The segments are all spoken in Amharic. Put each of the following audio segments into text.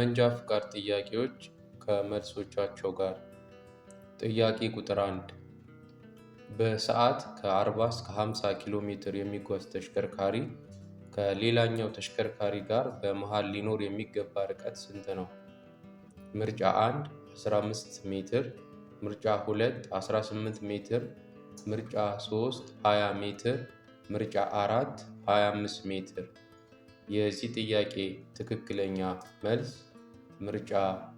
የመንጃ ፍቃድ ጥያቄዎች ከመልሶቻቸው ጋር ጥያቄ ቁጥር 1 በሰዓት ከ40 እስከ 50 ኪሎ ሜትር የሚጓዝ ተሽከርካሪ ከሌላኛው ተሽከርካሪ ጋር በመሃል ሊኖር የሚገባ ርቀት ስንት ነው? ምርጫ 1 15 ሜትር፣ ምርጫ 2 18 ሜትር፣ ምርጫ 3 20 ሜትር፣ ምርጫ 4 25 ሜትር። የዚህ ጥያቄ ትክክለኛ መልስ ምርጫ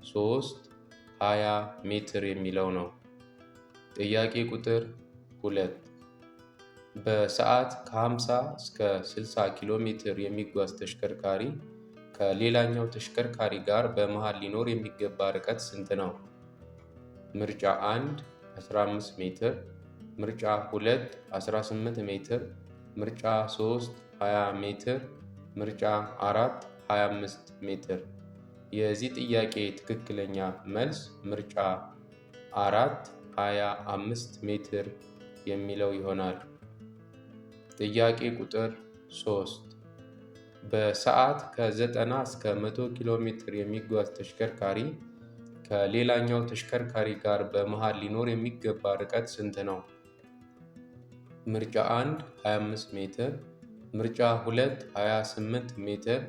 3 20 ሜትር የሚለው ነው። ጥያቄ ቁጥር 2 በሰዓት ከ50 እስከ 60 ኪሎ ሜትር የሚጓዝ ተሽከርካሪ ከሌላኛው ተሽከርካሪ ጋር በመሃል ሊኖር የሚገባ ርቀት ስንት ነው? ምርጫ 1 15 ሜትር፣ ምርጫ 2 18 ሜትር፣ ምርጫ 3 20 ሜትር፣ ምርጫ 4 25 ሜትር የዚህ ጥያቄ ትክክለኛ መልስ ምርጫ አራት 25 ሜትር የሚለው ይሆናል። ጥያቄ ቁጥር 3 በሰዓት ከ90 እስከ 100 ኪሎ ሜትር የሚጓዝ ተሽከርካሪ ከሌላኛው ተሽከርካሪ ጋር በመሃል ሊኖር የሚገባ ርቀት ስንት ነው? ምርጫ 1 25 ሜትር፣ ምርጫ 2 28 ሜትር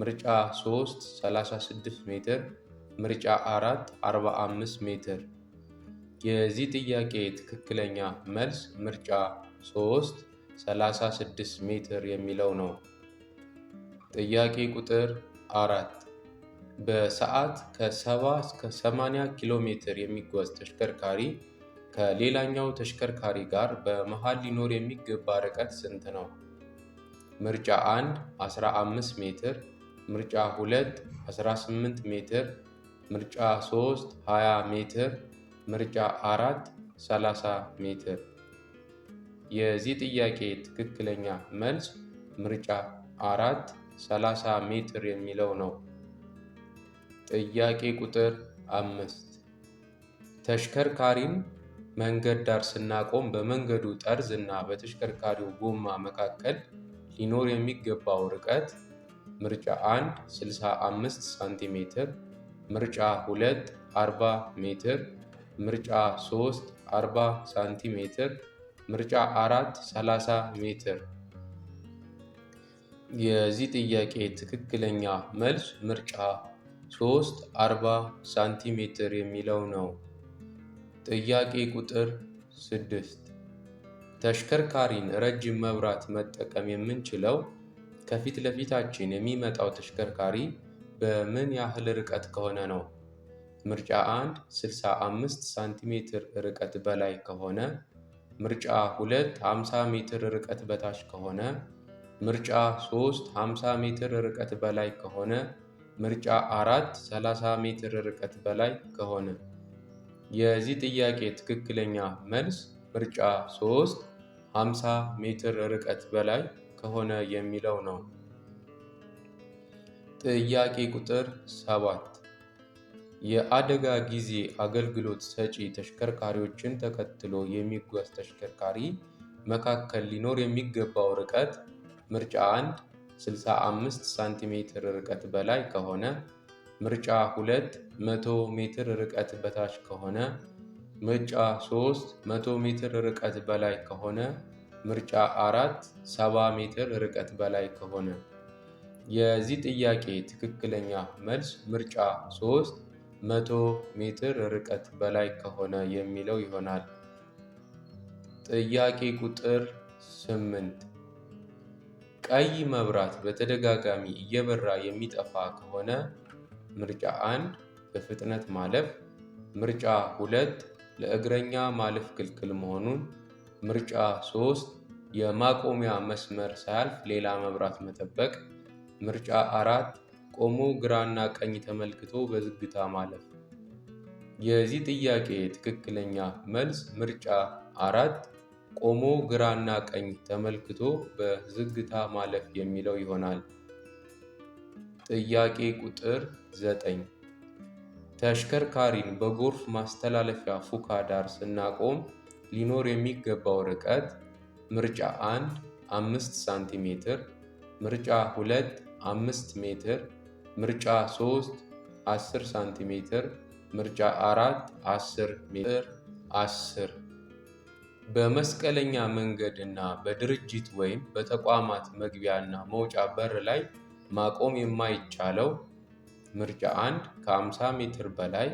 ምርጫ 3 36 ሜትር፣ ምርጫ 4 45 ሜትር። የዚህ ጥያቄ ትክክለኛ መልስ ምርጫ 3 36 ሜትር የሚለው ነው። ጥያቄ ቁጥር 4 በሰዓት ከ70 እስከ 80 ኪሎ ሜትር የሚጓዝ ተሽከርካሪ ከሌላኛው ተሽከርካሪ ጋር በመሃል ሊኖር የሚገባ ርቀት ስንት ነው? ምርጫ 1 15 ሜትር ምርጫ 2 18 ሜትር፣ ምርጫ 3 20 ሜትር፣ ምርጫ 4 30 ሜትር። የዚህ ጥያቄ ትክክለኛ መልስ ምርጫ 4 30 ሜትር የሚለው ነው። ጥያቄ ቁጥር 5 ተሽከርካሪን መንገድ ዳር ስናቆም በመንገዱ ጠርዝ እና በተሽከርካሪው ጎማ መካከል ሊኖር የሚገባው ርቀት ምርጫ 1 65 ሳንቲሜትር፣ ምርጫ 2 40 ሜትር፣ ምርጫ 3 40 ሳንቲሜትር፣ ምርጫ 4 30 ሜትር። የዚህ ጥያቄ ትክክለኛ መልስ ምርጫ 3 40 ሳንቲሜትር የሚለው ነው። ጥያቄ ቁጥር 6 ተሽከርካሪን ረጅም መብራት መጠቀም የምንችለው ከፊት ለፊታችን የሚመጣው ተሽከርካሪ በምን ያህል ርቀት ከሆነ ነው? ምርጫ 1 65 ሳንቲሜትር ርቀት በላይ ከሆነ፣ ምርጫ 2 50 ሜትር ርቀት በታች ከሆነ፣ ምርጫ 3 50 ሜትር ርቀት በላይ ከሆነ፣ ምርጫ 4 30 ሜትር ርቀት በላይ ከሆነ። የዚህ ጥያቄ ትክክለኛ መልስ ምርጫ 3 50 ሜትር ርቀት በላይ ከሆነ የሚለው ነው። ጥያቄ ቁጥር ሰባት የአደጋ ጊዜ አገልግሎት ሰጪ ተሽከርካሪዎችን ተከትሎ የሚጓዝ ተሽከርካሪ መካከል ሊኖር የሚገባው ርቀት ምርጫ 1 65 ሳንቲሜትር ርቀት በላይ ከሆነ፣ ምርጫ 2 100 ሜትር ርቀት በታች ከሆነ፣ ምርጫ 3 100 ሜትር ርቀት በላይ ከሆነ ምርጫ አራት ሰባ ሜትር ርቀት በላይ ከሆነ የዚህ ጥያቄ ትክክለኛ መልስ ምርጫ ሶስት መቶ ሜትር ርቀት በላይ ከሆነ የሚለው ይሆናል። ጥያቄ ቁጥር ስምንት ቀይ መብራት በተደጋጋሚ እየበራ የሚጠፋ ከሆነ ምርጫ አንድ በፍጥነት ማለፍ፣ ምርጫ ሁለት ለእግረኛ ማለፍ ክልክል መሆኑን ምርጫ ሶስት የማቆሚያ መስመር ሳያልፍ ሌላ መብራት መጠበቅ። ምርጫ አራት ቆሞ ግራና ቀኝ ተመልክቶ በዝግታ ማለፍ። የዚህ ጥያቄ ትክክለኛ መልስ ምርጫ አራት ቆሞ ግራና ቀኝ ተመልክቶ በዝግታ ማለፍ የሚለው ይሆናል። ጥያቄ ቁጥር ዘጠኝ ተሽከርካሪን በጎርፍ ማስተላለፊያ ፉካ ዳር ስናቆም ሊኖር የሚገባው ርቀት ምርጫ 1 5 ሳንቲሜትር፣ ምርጫ 2 5 ሜትር፣ ምርጫ 3 10 ሳንቲሜትር፣ ምርጫ 4 10 ሜትር 10 በመስቀለኛ መንገድ እና በድርጅት ወይም በተቋማት መግቢያ እና መውጫ በር ላይ ማቆም የማይቻለው ምርጫ 1 ከ50 ሜትር በላይ፣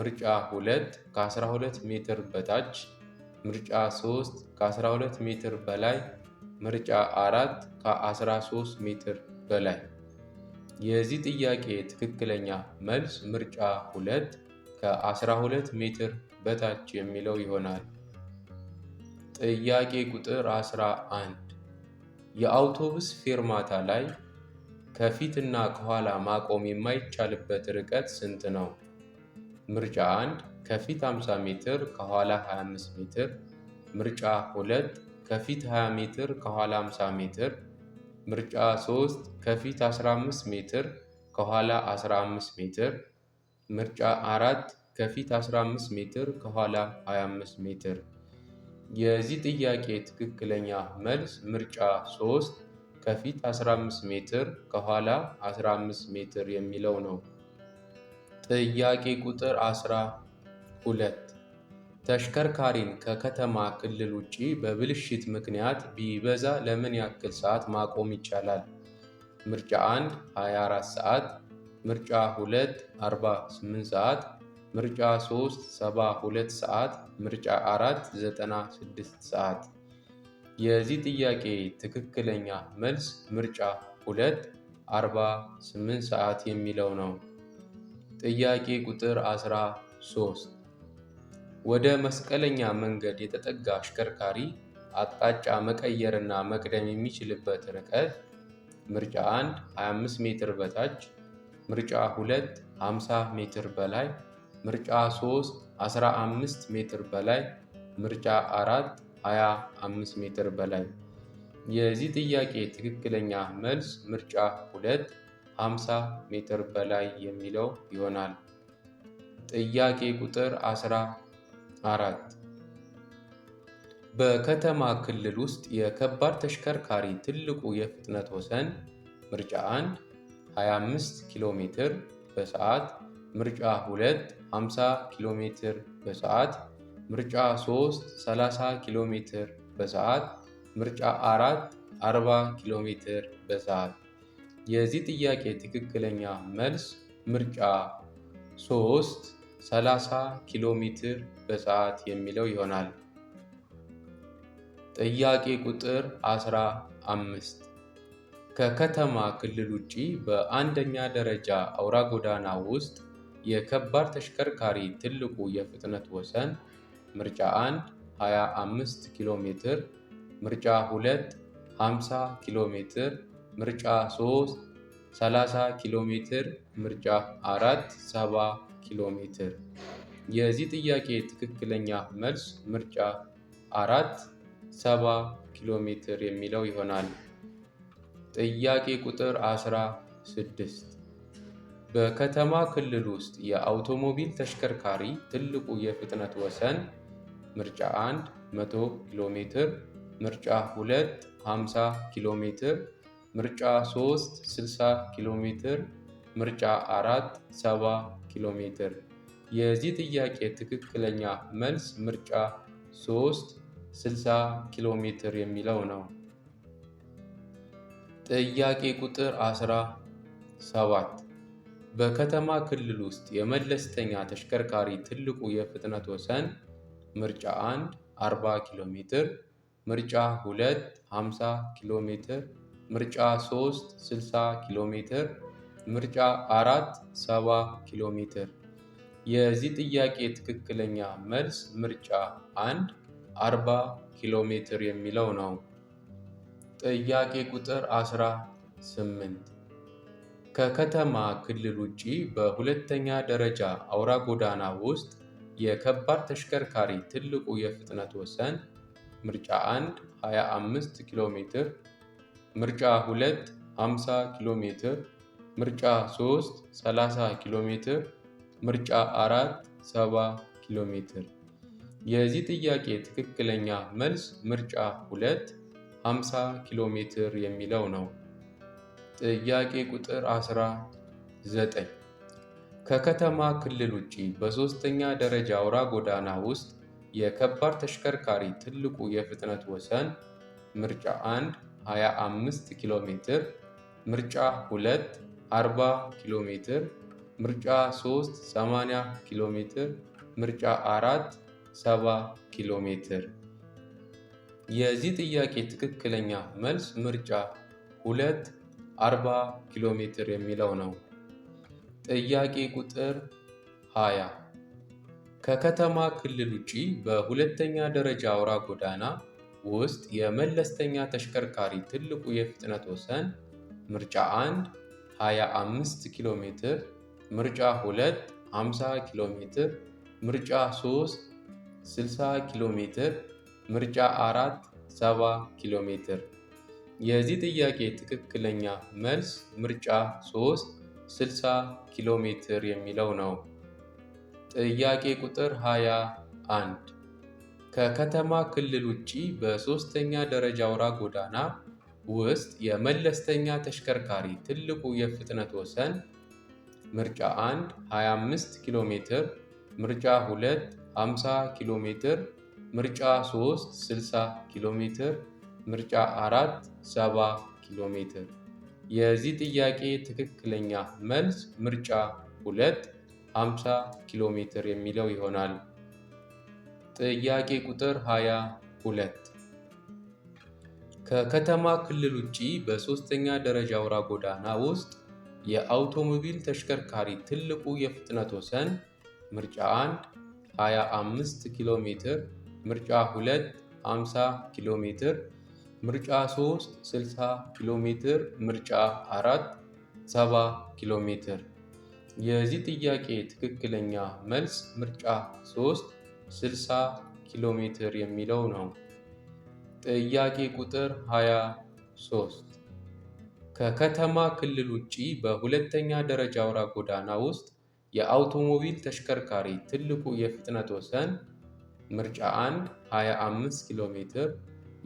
ምርጫ 2 ከ12 ሜትር በታች ምርጫ 3 ከ12 ሜትር በላይ ምርጫ 4 ከ13 ሜትር በላይ የዚህ ጥያቄ ትክክለኛ መልስ ምርጫ 2 ከ12 ሜትር በታች የሚለው ይሆናል። ጥያቄ ቁጥር 11 የአውቶቡስ ፌርማታ ላይ ከፊትና ከኋላ ማቆም የማይቻልበት ርቀት ስንት ነው? ምርጫ 1 ከፊት 50 ሜትር ከኋላ 25 ሜትር። ምርጫ 2 ከፊት 20 ሜትር ከኋላ 50 ሜትር። ምርጫ 3 ከፊት 15 ሜትር ከኋላ 15 ሜትር። ምርጫ 4 ከፊት 15 ሜትር ከኋላ 25 ሜትር። የዚህ ጥያቄ ትክክለኛ መልስ ምርጫ 3 ከፊት 15 ሜትር ከኋላ 15 ሜትር የሚለው ነው። ጥያቄ ቁጥር 10 ሁለት ተሽከርካሪን ከከተማ ክልል ውጪ በብልሽት ምክንያት ቢበዛ ለምን ያክል ሰዓት ማቆም ይቻላል? ምርጫ 1 24 ሰዓት፣ ምርጫ 2 48 ሰዓት፣ ምርጫ 3 72 ሰዓት፣ ምርጫ 4 96 ሰዓት። የዚህ ጥያቄ ትክክለኛ መልስ ምርጫ 2 48 ሰዓት የሚለው ነው። ጥያቄ ቁጥር 13 ወደ መስቀለኛ መንገድ የተጠጋ አሽከርካሪ አቅጣጫ መቀየርና መቅደም የሚችልበት ርቀት ምርጫ 1 25 ሜትር በታች፣ ምርጫ 2 50 ሜትር በላይ፣ ምርጫ 3 15 ሜትር በላይ፣ ምርጫ 4 25 ሜትር በላይ። የዚህ ጥያቄ ትክክለኛ መልስ ምርጫ 2 50 ሜትር በላይ የሚለው ይሆናል። ጥያቄ ቁጥር 10 አራት በከተማ ክልል ውስጥ የከባድ ተሽከርካሪ ትልቁ የፍጥነት ወሰን ምርጫ 1 25 ኪሎ ሜትር በሰዓት፣ ምርጫ 2 50 ኪሎ ሜትር በሰዓት፣ ምርጫ 3 30 ኪሎ ሜትር በሰዓት፣ ምርጫ 4 40 ኪሎ ሜትር በሰዓት። የዚህ ጥያቄ ትክክለኛ መልስ ምርጫ 3 30 ኪሎ ሜትር በሰዓት የሚለው ይሆናል። ጥያቄ ቁጥር 15 ከከተማ ክልል ውጪ በአንደኛ ደረጃ አውራ ጎዳና ውስጥ የከባድ ተሽከርካሪ ትልቁ የፍጥነት ወሰን ምርጫ 1 25 ኪሎ ሜትር፣ ምርጫ 2 50 ኪሎ ሜትር፣ ምርጫ 3 30 ኪሎ ሜትር፣ ምርጫ 4 70 ኪሎ ሜትር። የዚህ ጥያቄ ትክክለኛ መልስ ምርጫ አራት ሰባ ኪሎ ሜትር የሚለው ይሆናል። ጥያቄ ቁጥር አስራ ስድስት በከተማ ክልል ውስጥ የአውቶሞቢል ተሽከርካሪ ትልቁ የፍጥነት ወሰን ምርጫ 1 100 ኪሎ ሜትር፣ ምርጫ 2 50 ኪሎ ሜትር፣ ምርጫ 3 60 ኪሎ ሜትር፣ ምርጫ 4 70 ኪሎ ሜትር። የዚህ ጥያቄ ትክክለኛ መልስ ምርጫ 3 60 ኪሎ ሜትር የሚለው ነው። ጥያቄ ቁጥር 17 በከተማ ክልል ውስጥ የመለስተኛ ተሽከርካሪ ትልቁ የፍጥነት ወሰን ምርጫ 1 40 ኪሎ ሜትር፣ ምርጫ 2 50 ኪሎ ሜትር፣ ምርጫ 3 60 ኪሎ ሜትር ምርጫ አራት ሰባ ኪሎ ሜትር። የዚህ ጥያቄ ትክክለኛ መልስ ምርጫ አንድ አርባ ኪሎ ሜትር የሚለው ነው። ጥያቄ ቁጥር 18 ከከተማ ክልል ውጪ በሁለተኛ ደረጃ አውራ ጎዳና ውስጥ የከባድ ተሽከርካሪ ትልቁ የፍጥነት ወሰን ምርጫ 1 25 ኪሎ ሜትር፣ ምርጫ 2 50 ኪሎ ሜትር ምርጫ 3 30 ኪሎ ሜትር፣ ምርጫ 4 70 ኪሎ ሜትር። የዚህ ጥያቄ ትክክለኛ መልስ ምርጫ 2 50 ኪሎ ሜትር የሚለው ነው። ጥያቄ ቁጥር 19 ከከተማ ክልል ውጪ በሶስተኛ ደረጃ አውራ ጎዳና ውስጥ የከባድ ተሽከርካሪ ትልቁ የፍጥነት ወሰን ምርጫ 1 25 ኪሎ ሜትር፣ ምርጫ 2 40 ኪሎ ሜትር፣ ምርጫ 3 80 ኪሎ ሜትር፣ ምርጫ 4 70 ኪሎ ሜትር። የዚህ ጥያቄ ትክክለኛ መልስ ምርጫ 2 40 ኪሎ ሜትር የሚለው ነው። ጥያቄ ቁጥር 20 ከከተማ ክልል ውጪ በሁለተኛ ደረጃ አውራ ጎዳና ውስጥ የመለስተኛ ተሽከርካሪ ትልቁ የፍጥነት ወሰን ምርጫ 1 25 ኪሎ ሜትር፣ ምርጫ 2 50 ኪሎ ሜትር፣ ምርጫ 3 60 ኪሎ ሜትር፣ ምርጫ 4 70 ኪሎ ሜትር። የዚህ ጥያቄ ትክክለኛ መልስ ምርጫ 3 60 ኪሎ ሜትር የሚለው ነው። ጥያቄ ቁጥር 21 ከከተማ ክልል ውጪ በሶስተኛ ደረጃ አውራ ጎዳና ውስጥ የመለስተኛ ተሽከርካሪ ትልቁ የፍጥነት ወሰን ምርጫ 1 25 ኪሎ ሜትር፣ ምርጫ 2 50 ኪሎ ሜትር፣ ምርጫ 3 60 ኪሎ ሜትር፣ ምርጫ 4 70 ኪሎ ሜትር። የዚህ ጥያቄ ትክክለኛ መልስ ምርጫ 2 50 ኪሎ ሜትር የሚለው ይሆናል። ጥያቄ ቁጥር 22 ከከተማ ክልል ውጪ በሶስተኛ ደረጃ አውራ ጎዳና ውስጥ የአውቶሞቢል ተሽከርካሪ ትልቁ የፍጥነት ወሰን ምርጫ 1 25 ኪሎ ሜትር፣ ምርጫ 2 50 ኪሎ ሜትር፣ ምርጫ 3 60 ኪሎ ሜትር፣ ምርጫ 4 70 ኪሎ ሜትር። የዚህ ጥያቄ ትክክለኛ መልስ ምርጫ 3 60 ኪሎ ሜትር የሚለው ነው። ጥያቄ ቁጥር 23 ከከተማ ክልል ውጪ በሁለተኛ ደረጃ አውራ ጎዳና ውስጥ የአውቶሞቢል ተሽከርካሪ ትልቁ የፍጥነት ወሰን ምርጫ 1 25 ኪሎ ሜትር፣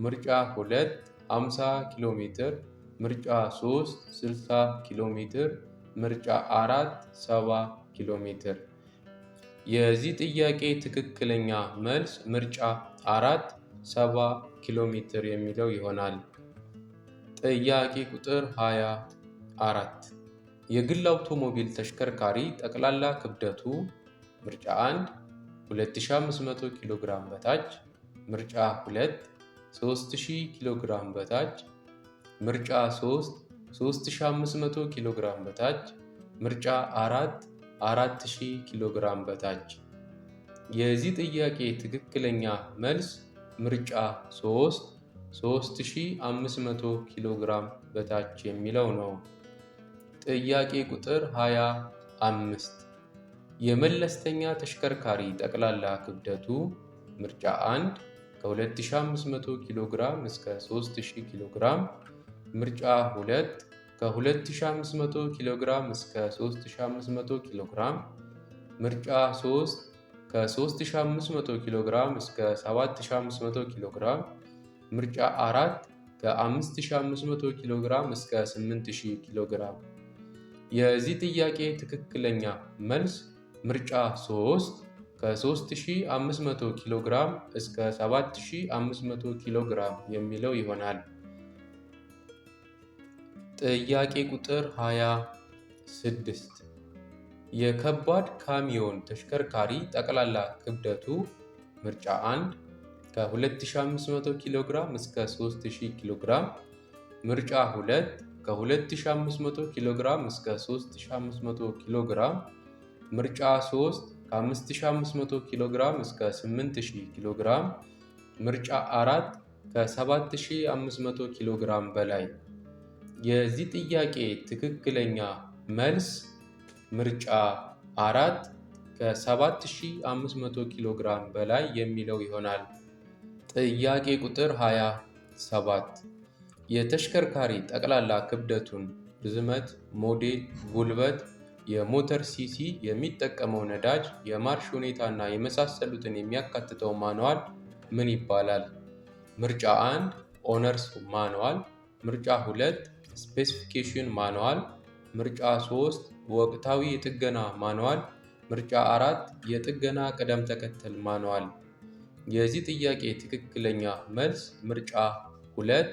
ምርጫ 2 50 ኪሎ ሜትር፣ ምርጫ 3 60 ኪሎ ሜትር፣ ምርጫ 4 70 ኪሎ ሜትር። የዚህ ጥያቄ ትክክለኛ መልስ ምርጫ 4 70 ኪሎ ሜትር የሚለው ይሆናል። ጥያቄ ቁጥር 24 የግል አውቶሞቢል ተሽከርካሪ ጠቅላላ ክብደቱ ምርጫ 1 2500 ኪሎ ግራም በታች፣ ምርጫ 2 3000 ኪሎ ግራም በታች፣ ምርጫ 3 3500 ኪሎ ግራም በታች፣ ምርጫ 4 4000 ኪሎ ግራም በታች። የዚህ ጥያቄ ትክክለኛ መልስ ምርጫ 3 3500 ኪሎ ግራም በታች የሚለው ነው። ጥያቄ ቁጥር 25 የመለስተኛ ተሽከርካሪ ጠቅላላ ክብደቱ ምርጫ 1 ከ2500 ኪሎ ግራም እስከ 3000 ኪሎ ግራም፣ ምርጫ 2 ከ2500 ኪሎ ግራም እስከ 3500 ኪሎ ግራም፣ ምርጫ 3 ከ3500 ኪሎ ግራም እስከ 7500 ኪሎ ግራም፣ ምርጫ አራት ከ5500 ኪሎ ግራም እስከ 8000 ኪሎ ግራም። የዚህ ጥያቄ ትክክለኛ መልስ ምርጫ 3 ከ3500 ኪሎ ግራም እስከ 7500 ኪሎ ግራም የሚለው ይሆናል። ጥያቄ ቁጥር 26 የከባድ ካሚዮን ተሽከርካሪ ጠቅላላ ክብደቱ ምርጫ 1 ከ2500 ኪሎ ግራም እስከ 3000 ኪሎ ግራም፣ ምርጫ 2 ከ2500 ኪሎ ግራም እስከ 3500 ኪሎ ግራም፣ ምርጫ 3 ከ5500 ኪሎ ግራም እስከ 8000 ኪሎ ግራም፣ ምርጫ 4 ከ7500 ኪሎ ግራም በላይ። የዚህ ጥያቄ ትክክለኛ መልስ ምርጫ አራት ከ7500 ኪሎ ግራም በላይ የሚለው ይሆናል። ጥያቄ ቁጥር 27 የተሽከርካሪ ጠቅላላ ክብደቱን፣ ርዝመት፣ ሞዴል፣ ጉልበት፣ የሞተር ሲሲ፣ የሚጠቀመው ነዳጅ፣ የማርሽ ሁኔታና የመሳሰሉትን የሚያካትተው ማንዋል ምን ይባላል? ምርጫ 1 ኦነርስ ማንዋል፣ ምርጫ 2 ስፔሲፊኬሽን ማንዋል፣ ምርጫ 3 ወቅታዊ የጥገና ማንዋል ምርጫ አራት የጥገና ቅደም ተከተል ማንዋል። የዚህ ጥያቄ ትክክለኛ መልስ ምርጫ ሁለት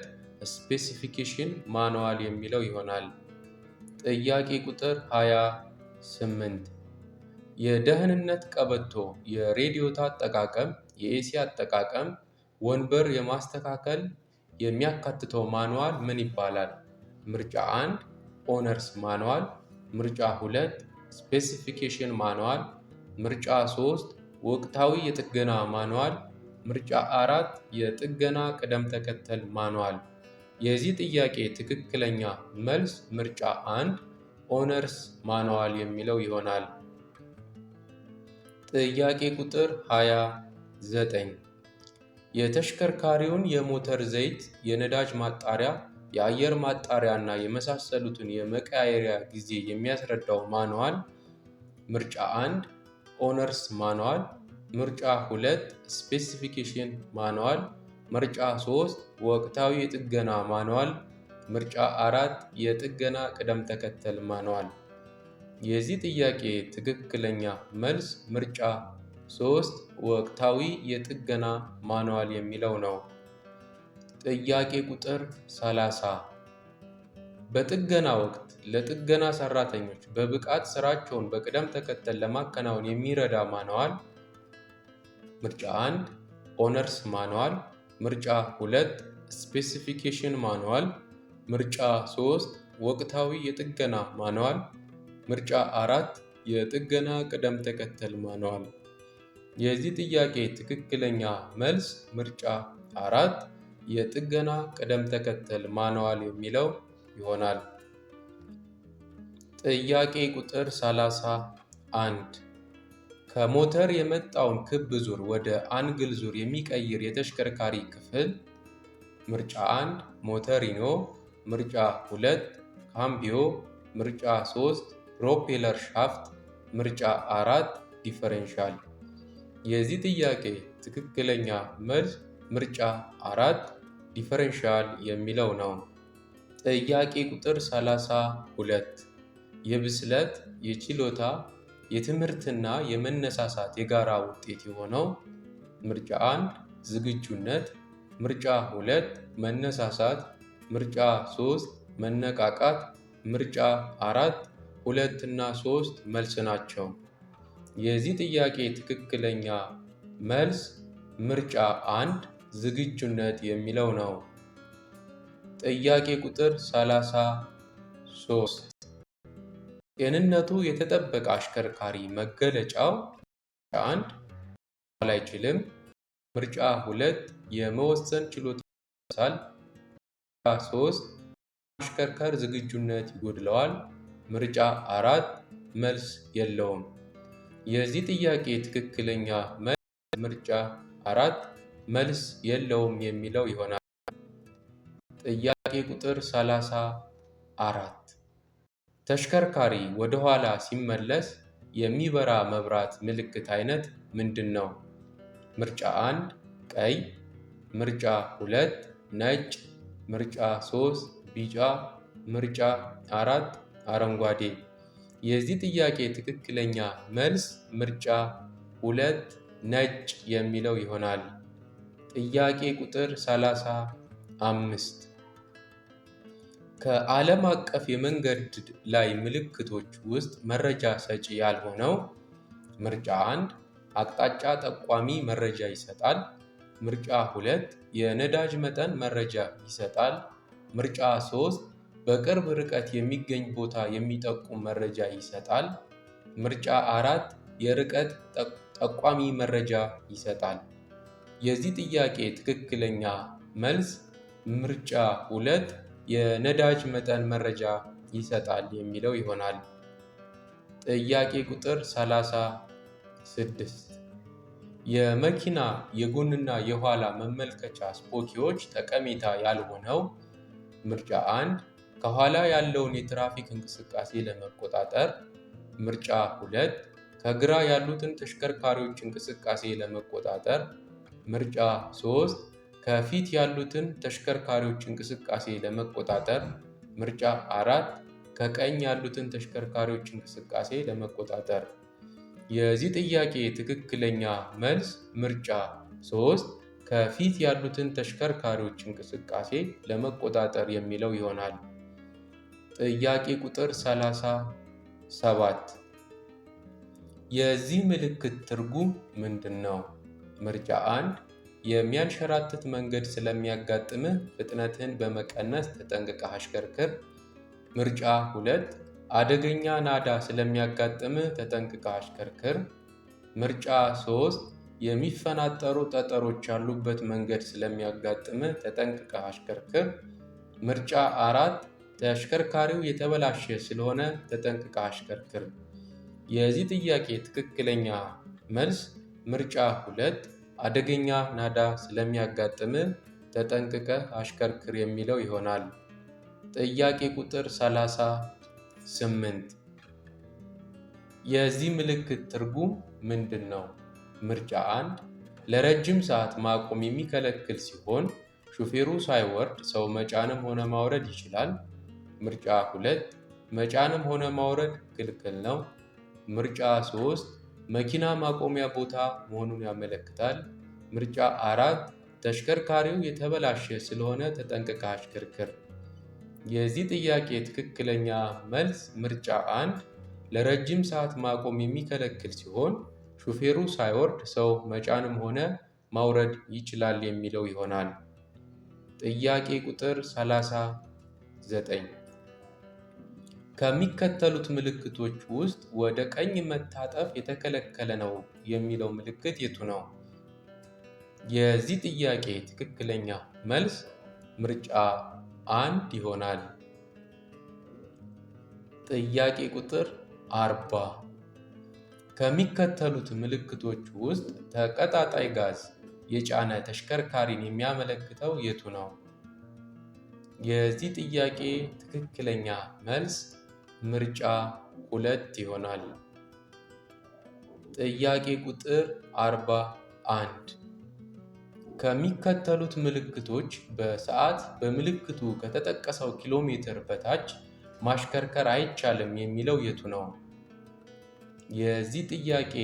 ስፔሲፊኬሽን ማንዋል የሚለው ይሆናል። ጥያቄ ቁጥር 28 የደህንነት ቀበቶ የሬዲዮታ አጠቃቀም፣ የኤሲ አጠቃቀም፣ ወንበር የማስተካከል የሚያካትተው ማንዋል ምን ይባላል? ምርጫ 1 ኦነርስ ማንዋል ምርጫ 2 ስፔሲፊኬሽን ማንዋል፣ ምርጫ 3 ወቅታዊ የጥገና ማንዋል፣ ምርጫ 4 የጥገና ቅደም ተከተል ማንዋል። የዚህ ጥያቄ ትክክለኛ መልስ ምርጫ 1 ኦነርስ ማንዋል የሚለው ይሆናል። ጥያቄ ቁጥር 29 የተሽከርካሪውን የሞተር ዘይት የነዳጅ ማጣሪያ የአየር ማጣሪያና የመሳሰሉትን የመቀያየሪያ ጊዜ የሚያስረዳው ማንዋል ምርጫ 1 ኦነርስ ማንዋል፣ ምርጫ 2 ስፔሲፊኬሽን ማኗዋል፣ ምርጫ 3 ወቅታዊ የጥገና ማንዋል፣ ምርጫ 4 የጥገና ቅደም ተከተል ማንዋል። የዚህ ጥያቄ ትክክለኛ መልስ ምርጫ 3 ወቅታዊ የጥገና ማንዋል የሚለው ነው። ጥያቄ ቁጥር 30 በጥገና ወቅት ለጥገና ሰራተኞች በብቃት ስራቸውን በቅደም ተከተል ለማከናወን የሚረዳ ማንዋል ምርጫ 1 ኦነርስ ማንዋል፣ ምርጫ 2 ስፔሲፊኬሽን ማንዋል፣ ምርጫ 3 ወቅታዊ የጥገና ማንዋል፣ ምርጫ 4 የጥገና ቅደም ተከተል ማንዋል። የዚህ ጥያቄ ትክክለኛ መልስ ምርጫ 4 የጥገና ቅደም ተከተል ማንዋል የሚለው ይሆናል። ጥያቄ ቁጥር 31 ከሞተር የመጣውን ክብ ዙር ወደ አንግል ዙር የሚቀይር የተሽከርካሪ ክፍል ምርጫ 1 ሞተሪኖ፣ ምርጫ 2 ካምቢዮ፣ ምርጫ 3 ፕሮፔለር ሻፍት፣ ምርጫ 4 ዲፈረንሻል። የዚህ ጥያቄ ትክክለኛ መልስ ምርጫ አራት ዲፈረንሻል የሚለው ነው። ጥያቄ ቁጥር 32 የብስለት የችሎታ የትምህርትና የመነሳሳት የጋራ ውጤት የሆነው ምርጫ አንድ ዝግጁነት፣ ምርጫ ሁለት መነሳሳት፣ ምርጫ 3 መነቃቃት፣ ምርጫ 4 ሁለት እና ሶስት መልስ ናቸው። የዚህ ጥያቄ ትክክለኛ መልስ ምርጫ አንድ ዝግጁነት የሚለው ነው። ጥያቄ ቁጥር 33 ጤንነቱ የተጠበቀ አሽከርካሪ መገለጫው አንድ መዋል አይችልም። ምርጫ ሁለት የመወሰን ችሎታ ይሳል። ሶስት አሽከርካሪ ዝግጁነት ይጎድለዋል። ምርጫ አራት መልስ የለውም። የዚህ ጥያቄ ትክክለኛ መልስ ምርጫ አራት መልስ የለውም የሚለው ይሆናል። ጥያቄ ቁጥር 34 ተሽከርካሪ ወደ ኋላ ሲመለስ የሚበራ መብራት ምልክት አይነት ምንድን ነው? ምርጫ 1 ቀይ፣ ምርጫ 2 ነጭ፣ ምርጫ 3 ቢጫ፣ ምርጫ 4 አረንጓዴ። የዚህ ጥያቄ ትክክለኛ መልስ ምርጫ 2 ነጭ የሚለው ይሆናል። ጥያቄ ቁጥር 35 ከዓለም አቀፍ የመንገድ ላይ ምልክቶች ውስጥ መረጃ ሰጪ ያልሆነው ምርጫ 1 አቅጣጫ ጠቋሚ መረጃ ይሰጣል። ምርጫ 2 የነዳጅ መጠን መረጃ ይሰጣል። ምርጫ 3 በቅርብ ርቀት የሚገኝ ቦታ የሚጠቁም መረጃ ይሰጣል። ምርጫ 4 የርቀት ጠቋሚ መረጃ ይሰጣል። የዚህ ጥያቄ ትክክለኛ መልስ ምርጫ ሁለት የነዳጅ መጠን መረጃ ይሰጣል የሚለው ይሆናል። ጥያቄ ቁጥር 36 የመኪና የጎንና የኋላ መመልከቻ ስፖኪዎች ጠቀሜታ ያልሆነው ምርጫ 1 ከኋላ ያለውን የትራፊክ እንቅስቃሴ ለመቆጣጠር፣ ምርጫ ሁለት ከግራ ያሉትን ተሽከርካሪዎች እንቅስቃሴ ለመቆጣጠር ምርጫ 3 ከፊት ያሉትን ተሽከርካሪዎች እንቅስቃሴ ለመቆጣጠር፣ ምርጫ 4 ከቀኝ ያሉትን ተሽከርካሪዎች እንቅስቃሴ ለመቆጣጠር። የዚህ ጥያቄ ትክክለኛ መልስ ምርጫ 3 ከፊት ያሉትን ተሽከርካሪዎች እንቅስቃሴ ለመቆጣጠር የሚለው ይሆናል። ጥያቄ ቁጥር 37 የዚህ ምልክት ትርጉም ምንድን ነው? ምርጫ አንድ የሚያንሸራትት መንገድ ስለሚያጋጥምህ ፍጥነትህን በመቀነስ ተጠንቅቀህ አሽከርክር። ምርጫ ሁለት አደገኛ ናዳ ስለሚያጋጥምህ ተጠንቅቀህ አሽከርክር። ምርጫ ሶስት የሚፈናጠሩ ጠጠሮች ያሉበት መንገድ ስለሚያጋጥምህ ተጠንቅቀህ አሽከርክር። ምርጫ አራት ተሽከርካሪው የተበላሸ ስለሆነ ተጠንቅቀህ አሽከርክር። የዚህ ጥያቄ ትክክለኛ መልስ ምርጫ ሁለት አደገኛ ናዳ ስለሚያጋጥም ተጠንቅቀ አሽከርክር የሚለው ይሆናል። ጥያቄ ቁጥር 38 የዚህ ምልክት ትርጉም ምንድን ነው? ምርጫ አንድ ለረጅም ሰዓት ማቆም የሚከለክል ሲሆን ሹፌሩ ሳይወርድ ሰው መጫንም ሆነ ማውረድ ይችላል። ምርጫ ሁለት መጫንም ሆነ ማውረድ ክልክል ነው። ምርጫ 3 መኪና ማቆሚያ ቦታ መሆኑን ያመለክታል። ምርጫ አራት ተሽከርካሪው የተበላሸ ስለሆነ ተጠንቅቀ አሽከርክር። የዚህ ጥያቄ ትክክለኛ መልስ ምርጫ አንድ ለረጅም ሰዓት ማቆም የሚከለክል ሲሆን ሹፌሩ ሳይወርድ ሰው መጫንም ሆነ ማውረድ ይችላል የሚለው ይሆናል። ጥያቄ ቁጥር 39 ከሚከተሉት ምልክቶች ውስጥ ወደ ቀኝ መታጠፍ የተከለከለ ነው የሚለው ምልክት የቱ ነው? የዚህ ጥያቄ ትክክለኛ መልስ ምርጫ አንድ ይሆናል። ጥያቄ ቁጥር አርባ ከሚከተሉት ምልክቶች ውስጥ ተቀጣጣይ ጋዝ የጫነ ተሽከርካሪን የሚያመለክተው የቱ ነው? የዚህ ጥያቄ ትክክለኛ መልስ ምርጫ ሁለት ይሆናል። ጥያቄ ቁጥር 41 ከሚከተሉት ምልክቶች በሰዓት በምልክቱ ከተጠቀሰው ኪሎ ሜትር በታች ማሽከርከር አይቻልም የሚለው የቱ ነው? የዚህ ጥያቄ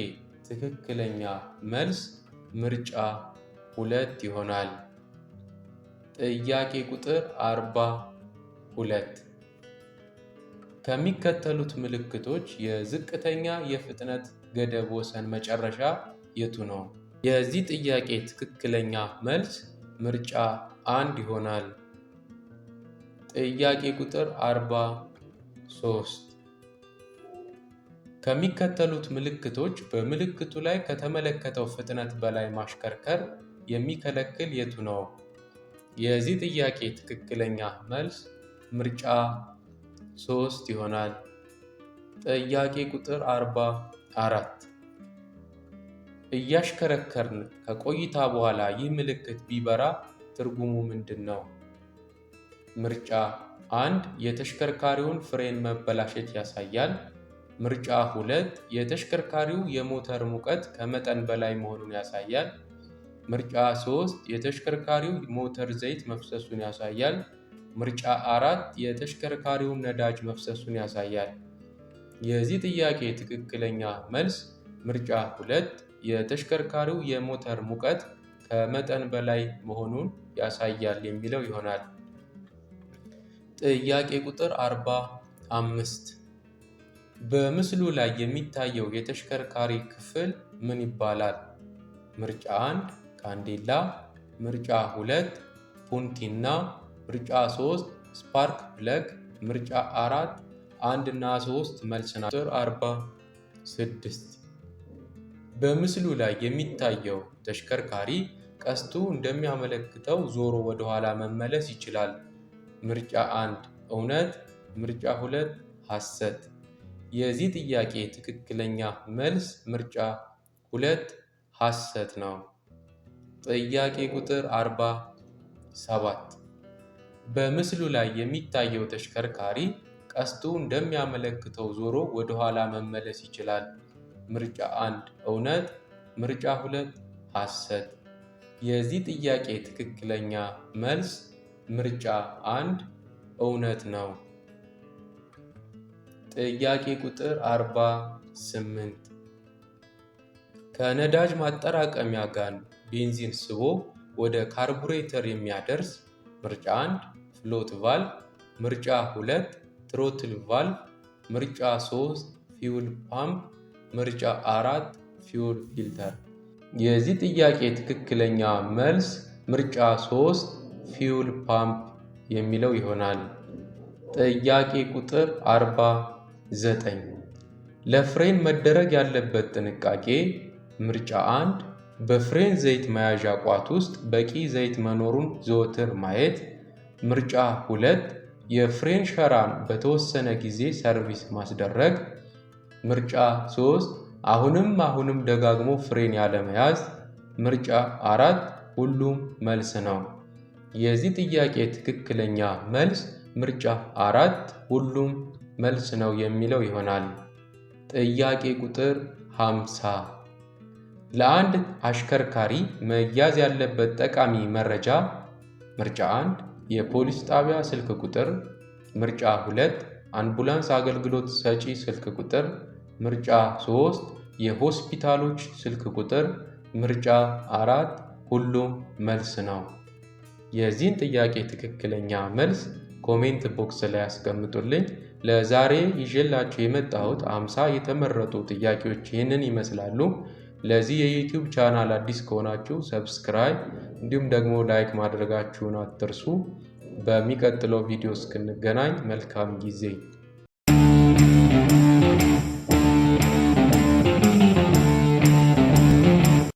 ትክክለኛ መልስ ምርጫ ሁለት ይሆናል። ጥያቄ ቁጥር 42 ከሚከተሉት ምልክቶች የዝቅተኛ የፍጥነት ገደብ ወሰን መጨረሻ የቱ ነው? የዚህ ጥያቄ ትክክለኛ መልስ ምርጫ አንድ ይሆናል። ጥያቄ ቁጥር 43 ከሚከተሉት ምልክቶች በምልክቱ ላይ ከተመለከተው ፍጥነት በላይ ማሽከርከር የሚከለክል የቱ ነው? የዚህ ጥያቄ ትክክለኛ መልስ ምርጫ ሶስት ይሆናል። ጥያቄ ቁጥር አርባ አራት እያሽከረከርን ከቆይታ በኋላ ይህ ምልክት ቢበራ ትርጉሙ ምንድን ነው? ምርጫ አንድ የተሽከርካሪውን ፍሬን መበላሸት ያሳያል። ምርጫ ሁለት የተሽከርካሪው የሞተር ሙቀት ከመጠን በላይ መሆኑን ያሳያል። ምርጫ ሶስት የተሽከርካሪው ሞተር ዘይት መፍሰሱን ያሳያል። ምርጫ አራት የተሽከርካሪውን ነዳጅ መፍሰሱን ያሳያል። የዚህ ጥያቄ ትክክለኛ መልስ ምርጫ ሁለት የተሽከርካሪው የሞተር ሙቀት ከመጠን በላይ መሆኑን ያሳያል የሚለው ይሆናል። ጥያቄ ቁጥር 45 በምስሉ ላይ የሚታየው የተሽከርካሪ ክፍል ምን ይባላል? ምርጫ 1 ካንዴላ፣ ምርጫ 2 ፑንቲና ምርጫ 3 ስፓርክ ፕለግ፣ ምርጫ 4 1 እና 3 መልስ ናቸው። 46 በምስሉ ላይ የሚታየው ተሽከርካሪ ቀስቱ እንደሚያመለክተው ዞሮ ወደ ኋላ መመለስ ይችላል። ምርጫ 1 እውነት፣ ምርጫ 2 ሐሰት። የዚህ ጥያቄ ትክክለኛ መልስ ምርጫ 2 ሐሰት ነው። ጥያቄ ቁጥር 47 በምስሉ ላይ የሚታየው ተሽከርካሪ ቀስቱ እንደሚያመለክተው ዞሮ ወደኋላ መመለስ ይችላል። ምርጫ 1 እውነት፣ ምርጫ 2 ሐሰት። የዚህ ጥያቄ ትክክለኛ መልስ ምርጫ 1 እውነት ነው። ጥያቄ ቁጥር 48 ከነዳጅ ማጠራቀሚያ ጋን ቤንዚን ስቦ ወደ ካርቡሬተር የሚያደርስ ምርጫ 1 ፍሎት ቫልቭ፣ ምርጫ 2 ትሮትል ቫልቭ፣ ምርጫ 3 ፊውል ፓምፕ፣ ምርጫ 4 ፊውል ፊልተር። የዚህ ጥያቄ ትክክለኛ መልስ ምርጫ 3 ፊውል ፓምፕ የሚለው ይሆናል። ጥያቄ ቁጥር 49 ለፍሬን መደረግ ያለበት ጥንቃቄ ምርጫ 1 በፍሬን ዘይት መያዣ ቋት ውስጥ በቂ ዘይት መኖሩን ዘወትር ማየት። ምርጫ ሁለት የፍሬን ሸራን በተወሰነ ጊዜ ሰርቪስ ማስደረግ። ምርጫ ሶስት አሁንም አሁንም ደጋግሞ ፍሬን ያለመያዝ። ምርጫ አራት ሁሉም መልስ ነው። የዚህ ጥያቄ ትክክለኛ መልስ ምርጫ አራት ሁሉም መልስ ነው የሚለው ይሆናል። ጥያቄ ቁጥር 50 ለአንድ አሽከርካሪ መያዝ ያለበት ጠቃሚ መረጃ ምርጫ 1 የፖሊስ ጣቢያ ስልክ ቁጥር፣ ምርጫ 2 አምቡላንስ አገልግሎት ሰጪ ስልክ ቁጥር፣ ምርጫ 3 የሆስፒታሎች ስልክ ቁጥር፣ ምርጫ 4 ሁሉም መልስ ነው። የዚህን ጥያቄ ትክክለኛ መልስ ኮሜንት ቦክስ ላይ ያስቀምጡልኝ። ለዛሬ ይዤላችሁ የመጣሁት አምሳ የተመረጡ ጥያቄዎች ይህንን ይመስላሉ። ለዚህ የዩቲዩብ ቻናል አዲስ ከሆናችሁ ሰብስክራይብ እንዲሁም ደግሞ ላይክ ማድረጋችሁን አትርሱ። በሚቀጥለው ቪዲዮ እስክንገናኝ መልካም ጊዜ